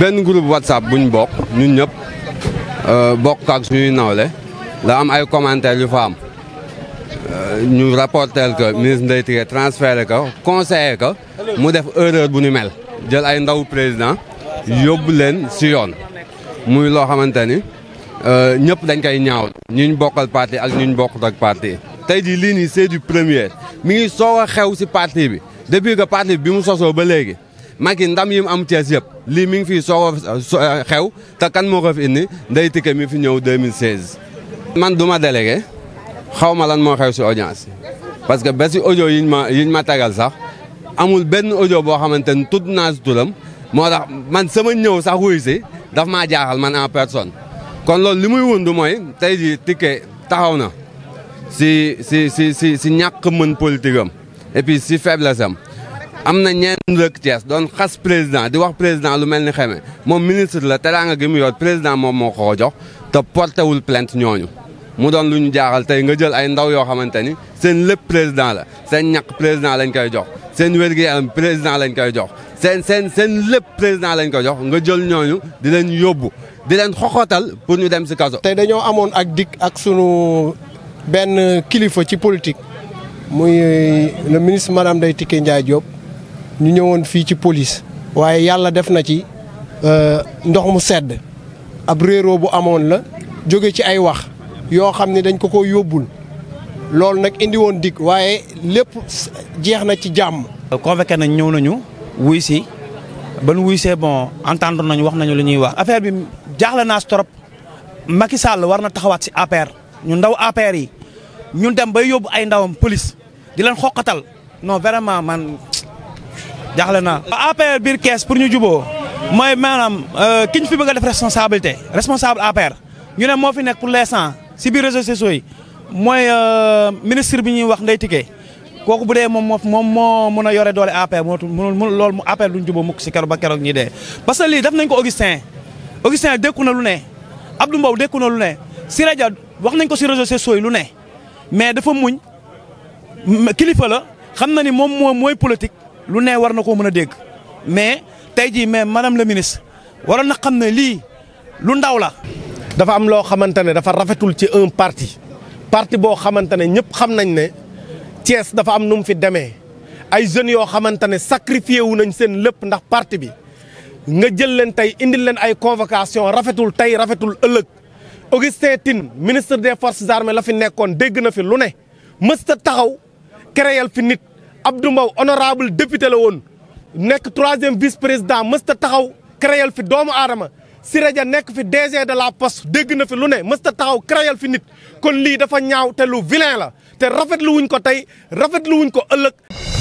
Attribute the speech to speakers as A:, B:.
A: benn groupe whatsapp bu ñu bokk ñun ñëpp euh, bokk ak suñuy nawle la am ay commentaires yu fa am euh, ñu rapporter que ministre Ndeye Tické transféré ko conseillé ko mu def erreur bu ñu mel jël ay ndaw président yóbbu leen si yoon muy loo xamante ni euh, ñëpp dañ koy ñaaw ñu ñu bokkal parti ak ñu ñu bokkut ak parti tey jii lii nii c'est premier mu ngi soog a xew si parti bi depuis que parti bi bi mu sosoo ba léegi. Macky ndam yi mu am Thiès yëpp lii mi ngi fii soog eh, xew te kan moo ko fi indi Ndeye Tické mi fi ñëw 2016. man du ma délégué xaw ma lan moo xew si audience parce que ba si audio yiñ ma yiñ ma tagal sax amul benn audio boo xamante ni tudd naa si turam moo tax man sama ñëw sax wuy si daf maa jaaxal man en personne. kon loolu li muy wund mooy tey ji Tické taxaw na si si si si si ñàkk mën politique am si faiblesse am. am na ñeen rëkk Thiès doon xas président di wax président lu mel ni xeme moom ministre la teraanga gi mu yor président moom moo ko jox te portewul plainte ñooñu mu doon lu ñu jaaxal tey nga jël ay ndaw yoo xamante ni seen lép président la seen ñaq président lañ koy jox seen wér gu président lañ koy jox seen seen seen lépp président lañ koy jox nga jël ñooñu di leen yóbbu di leen xoxotal pour ñu dem ci kaso.
B: tey dañoo amoon ak dikk ak sunu benn kilifa ci politique muy le ministre madame Ndeye Tické Ndiaye Diop. ñu ñëwoon fii ci police waaye yàlla def na ci euh, ndox mu sedd ab réeroo bu amoon la jóge ci ay wax yoo xam ne dañ ko ko yóbbul loolu nag indi woon dikk waaye lépp jeex na ci jàmm. convoqué nañ ñëw nañu wuy si
C: ba nu wuy see bon entendre nañu wax nañu lu ñuy wax affaire bi jaaxle naa si trop Macky Sall war na taxawaat si APR ñu ndaw APR yi ñun dem bay yóbbu ay ndawam police di leen xoqatal non vraiment man. jaaxle naa. APR biir kees pour ñu juboo mooy maanaam euh, ki ñu fi bëgg a def responsabilité responsable APR ñu ne moo fi nekk pour l'instant si biir réseaux sociaux yi mooy euh, ministre bi ñuy wax ti Tické kooku bu dee moom moom moo mën a yore doole APR mënul lool mu APR duñ juboo mukk si keroog ba keroog ñuy dee. parce que lii def nañ ko Augustin Augustin dékku na lu ne Abdou Mbow dekku na lu ne si Dia wax nañ ko si réseaux sociaux yi lu ne mais dafa muñ kilifa la xam na ni moom mooy politique. lu ne war na koo mën a dégg mais tey jii mais madame la ministre waroon na xam ne lii lu ndaw la.
D: dafa am loo xamante ne dafa rafetul ci un parti parti boo xamante ne ñëpp xam nañ ne Thiès dafa am nu mu fi demee ay jeunes yoo xamante ne sacrifié wu nañ seen lépp ndax parti bi nga jël leen tey indil leen ay convocation rafetul tey rafetul ëllëg Augustin Tine ministre des forces armées la fi nekkoon dégg na fi lu ne mësta taxaw créyal fi nit. Abdou Mbow honorable député la woon nekk troisième vice président mësta taxaw créel fi doomu aadama Siré Dia nekk fi DG de la poste dégg na fi lu ne mësta taxaw créel fi nit kon lii dafa ñaaw te lu vilain la te rafetlu wuñ ko tey rafetlu wuñ ko ëllëg